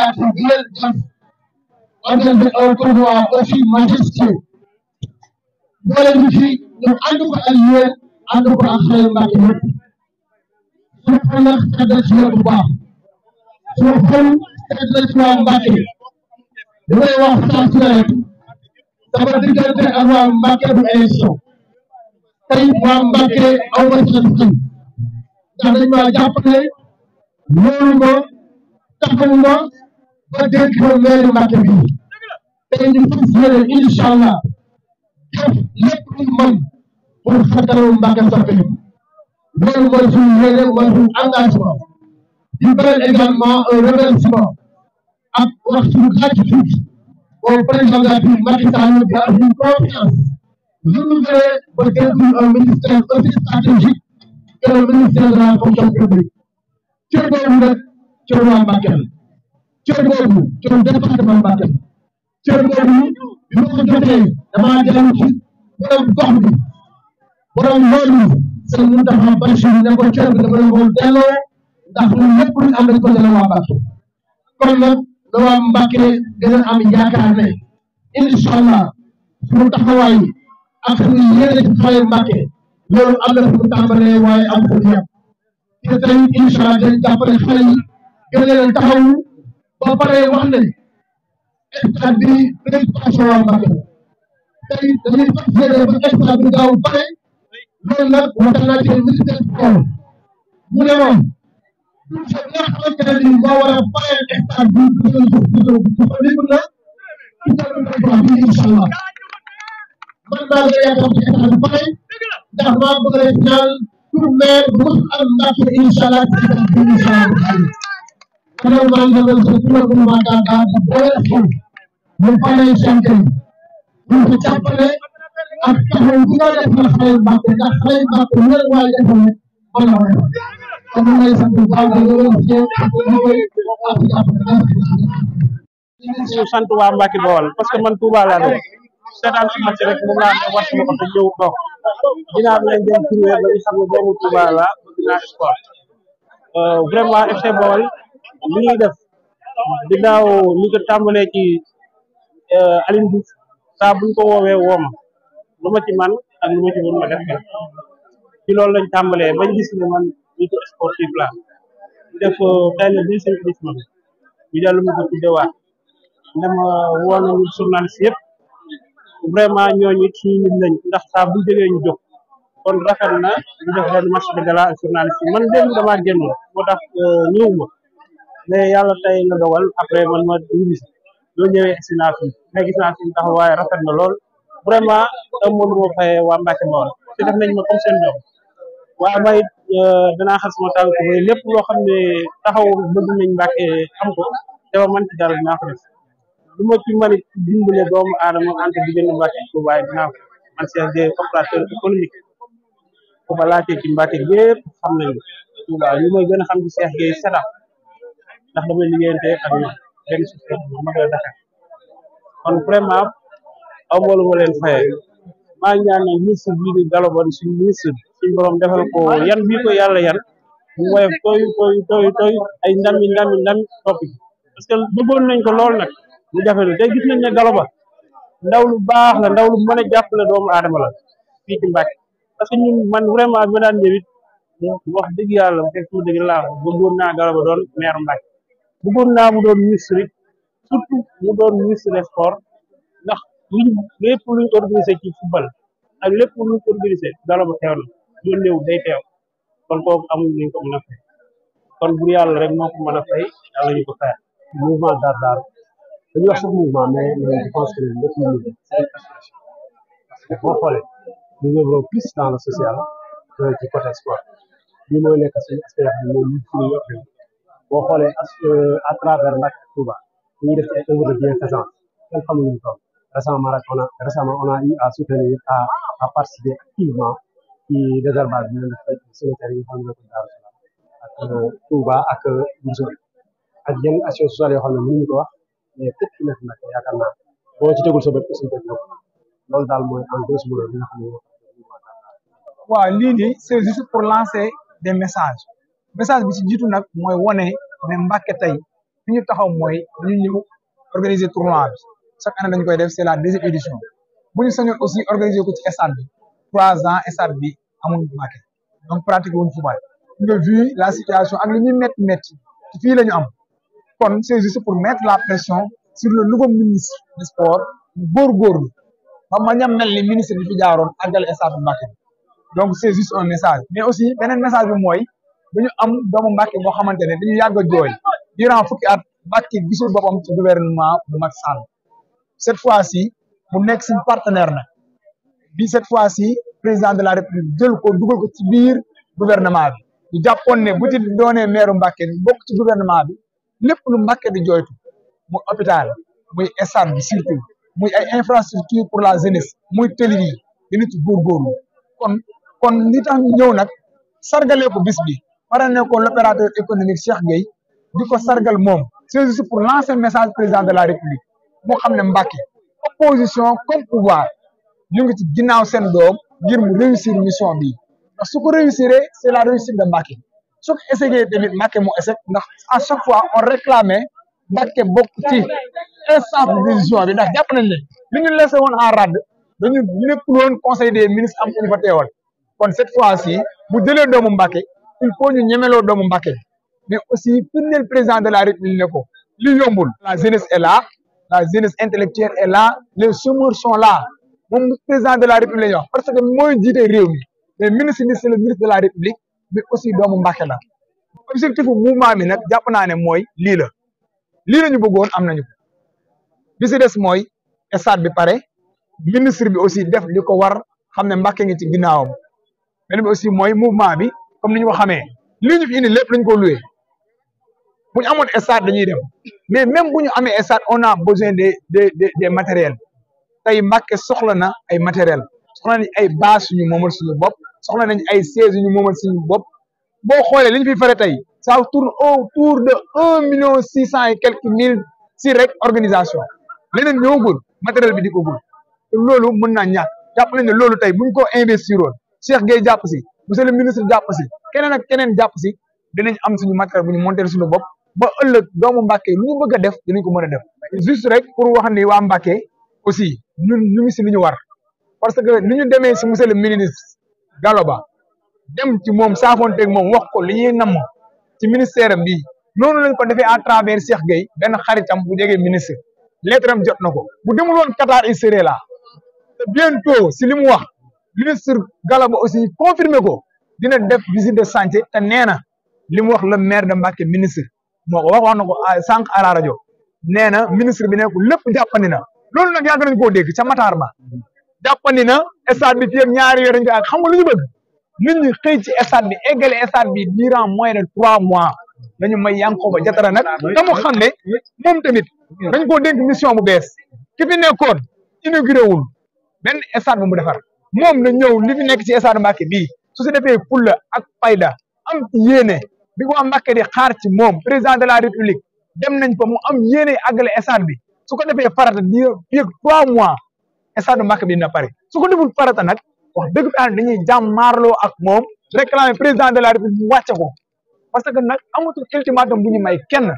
cartes organiser un pouvoir aussi majestueux boole ñu fi ñu ànd ko ak yéen ànd ko ak xel Mbàkke yëpp suñu xanax teddal ci bu baax suñu xol teddal ci waa Mbàkke li may wax saa su ne rek sama diggante ak waa Mbàkke bu élection tey waa Mbàkke aw ma seen xel ndax dañ maa jàppale loolu ma taxawu ma ba dénk ko meeri Mbàkke bi te ñu fas yéene incha allah def lépp lu mën pour xarkanamu Mbàkke soppeeku loolu mooy suñu yéene mooy suñu engagement di bëral également un remerciement ak wax suñu gratitude au président de la République Macky Sall bi ak une confiance renouvelée ba dénk un ministère aussi stratégique que le ministère de la fonction publique cër boobu nag cër waa Mbàkke cër boobu cër département Mbacké cër boobu bi ma ko jotee damaa dellu ci borom gox bi borom loolu seen Mountakha Bachir ko cër bi dama leen ko ndax ñun lépp lu ko delloo waa Mbacké kon nag na waa Mbacké gën a am yaakaar ne incha allah suñu taxawaay ak suñu yéene ci xale Mbacké loolu am na fu mu tàmbalee waaye am fu mu tey incha allah dañu yi gën a leen taxawu. ba pare wax ne état bi dañ ko assurant tey dañuy ba état gaaw pare loolu nag waxtaan naa ci ministre des sports mu ne moom tout ne nii moo war a pare état bi dina bu am Mbacké allah ci état bi incha allah పిల్లలు శత్రులకు దానికి పోయేస్తూ నిర్పాయించే ఇంటి చెప్పలే అక్కడ ఇంటిగా సైజ్ మాకు సైజ్ మాకు ఉండదు వాళ్ళు మనం communal ñu sant waa Mbacke Bawol parce que man Touba laa nekk seetaan si match rek moom laa ne war sama ko te ñëw toog dinaa leen dem trouvé ba ñu xam ne doomu Touba laa bëgg naa sport euh, vraiment FC Bawol li def di daaw ñu ko tàmbalee ci euh, Aline Diouf saa buñ ko woowee wooma lu ma ci man ak lu ma ci mën def ci loolu lañ tàmbalee bañ gis ne man ñu ko sportif la def xëy na deux cinq ñu dellu ma ko tuddewaat dama journaliste yëpp vraiment ñooñu suñu nit lañ ndax saa bu kon rafet na def leen match de gala ak journaliste yi man démb damaa génn moo tax euh, ñëwuma mais yàlla tey la dogal après man ma dugg si loolu ñëwee si naa fi mais gis naa fi taxawaay rafet na lool vraiment amoon lu ma fayee waa Mbacke Mawal te def nañ ma comme seen doom waaye may euh, lépp loo xam ne taxaw bëgg nañ Mbacke am ko te ma mën ci dara dinaa ko def ma ci mën a dimbale doomu aadama ante diggante Mbacke ak yi dinaa man chef de coopérateur économique ko ba laajtee ci Mbacke yëpp xam nañu Touba li may gën a xam ci Cheikh Gueye Sadax. ndax damay liggéeyante ak ñoom benn société bu mag Dakar kon vraiment aw ma lu ma leen fayee maa ngi ñaan ko yan bii yàlla yan mu woyof tooy tooy tooy tooy ay nañ ko lool nag lu te gis nañ ne lu baax la ndaw lu mën a jàppale doomu la fii vraiment bi wax dëgg yàlla bu fekk mu dëgg laa bëggoon naa doon maire Mbàkke bëggoon naa mu doon ministre surtout mu doon ministre ndax liñ lépp luñ organisé ci football ak lépp luñ organisé dala ba teew na lu néew kon kooku amul luñ ko mën a fay kon bu rek moo ko mën a fay yàlla ñu ko wax sax mouvement mais mais je pense que lépp lu ñu parce que plus dans social que ci boo xoolee euh, à travers Mbacké ak Touba ñuy def ay œuvre de bienfaisance kenn xamul ñu toll récemment rek on a récemment on a eu à soutenir à à participer activement ci désherbage bi ñu def ay sanitaire yi nga xam ne ko Daaru Salaam ak euh, Touba ak euh, Mbour ak yenn action sociale yoo xam ne mënuñu ko wax mais képp ki nekk Mbacké yaakaar naa boo ci tegul sa bët aussi def loolu daal mooy en grosso modo li nga xam ne waaw lii nii c'est juste pour lancer des messages message bi si jiitu nag mooy wone ne Mbacké tey fi ñu taxaw mooy dañu ñëw organiser tournoi bi chaque année dañ koy def c'est la deuxième édition bu ñu aussi organiser ko ci stade bi trois ans stade bi amul Mbacké donc pratique wuñ football nga la situation ak li ñuy métti métti fii la ñu am kon c'est juste pour mettre la pression sur le nouveau ministre du sport góorgóorlu ba mañ a mel ni ministre bi fi jaaroon àggale stade bu Mbacké donc c'est juste un message mais beneen message bi mooy dañu am doomu Mbàkke boo xamante ne dañu yàgg a jooy durant fukki at Mbàkke gisul boppam ci gouvernement bu Macky Sall cette fois si mu nekk si partenaire na bi cette fois si président de la république jël ko dugal ko ci biir gouvernement bi ñu jàppoon ne bu ci doonee maire Mbàkke bokk ci gouvernement bi lépp lu Mbàkke di jooy muy hôpital muy stade bi surtout muy ay pour la jeunesse muy tëli yi dina ci góorgóorlu kon kon li tax ñëw nag sargalee ko bis bi war a nekkoon l'opérateur économique Cheikh Gueye di ko sargal moom c'est juste pour lancer message président de la république moo xam ne Mbacké opposition comme pouvoir ñu ngi ci ginnaaw seen doom ngir mu réussir mission bi su ko réussir c'est la réussite de Mbacké su ko essayé tamit Mbacké mu échec ndax à chaque fois on réclamait Mbacké bokk ci instance de décision bi ndax jàpp nañ ne li ñu laissé woon en rade conseil des ministres am ku ñu kon cette fois ci bu jëlee doomu Mbacké il faut ñu ñemeloo doomu Mbacké mais aussi firndeel président de la République ne ko li yombul la jeunesse est là la jeunesse intellectuelle est là les chômeurs sont là moom président de la République wax parce que mooy jiite réew mi mais ministre ministre de la République mais aussi doomu mbake la objectif bu mouvement bi nag jàpp naa ne mooy lii la lii la ñu bëggoon am nañu ko bi si des mooy stade bi pare ministre bi aussi def li ko war xam ne Mbacké ngi ci ginnaawam beneen bi comme ni ñu ko xamee li ñu fi indi lépp lañ ko loué bu ñu amoon stade dañuy dem mais même bu ñu amee stade on a besoin des de des matériels tey Mbacké soxla na ay matériel soxla nañ ay bâche suñu moomal suñu bopp soxla nañ ay siège suñu moomal suñu bopp boo xoolee li ñu fi fare tey ça tourne autour de un million six cent et quelques mille si rek organisation leneen ñëwagul matériel bi di ko loolu mun naa ñàkk jàpp nañ ne loolu tey buñ ko investir woon Cheikh Gueye jàpp si monsieur le ministre jàpp si keneen ak keneen jàpp si dinañ am suñu matériel bu ñu monter suñu bopp ba ëllëg doomu Mbàkke lu ñu bëgg a def dinañ ko mën a def juste rek pour wax ni waa Mbàkke aussi ñun ñu ngi si lu ñu war parce que ni ñu demee si monsieur le ministre Gallo Ba dem ci moom saafonteeg moom wax ko li ñuy nam ci ministère am bi noonu lañ ko defee à travers Cheikh Gueye benn xaritam bu jege ministre lettre am jot na ko bu demul woon Qatar il serait là si li mu wax ministre Galaba aussi confirmé ko dina def visite de chantier te nee na li mu wax la maire da Mbacké ministre moo ko wax wax na ko ah, sànq à la rajo nee na ministre bi nekk lépp jàppandi na loolu nag yàgg nañ koo dégg ca Matar ba jàppandi na stade bi fii ak ñaari weer ak xam nga lu ñu bëgg nit ñi xëy ci stade bi eggale stade bi durant moins de trois mois dañu may Yankhoba Diattara nag ah, te mu xam ne moom tamit dañ koo dénk mission bu bees ki fi nekkoon inauguré wul benn stade bu mu defar. moom na ñëw li fi nekk ci stade Mbacké bii su si defee fulla ak fayda am yéene bi ko am Mbacké di xaar ci moom président de la république dem nañ fa mu am yéene àggale stade bi su ko defee farata di yëg trois mois stade Mbacké bi na pare su ko deful farata nag wax dëgg fa maar jàmmaarloo ak moom réclamer président de la république mu wàcce ko parce que nag amatul ultimatum bu ñu may kenn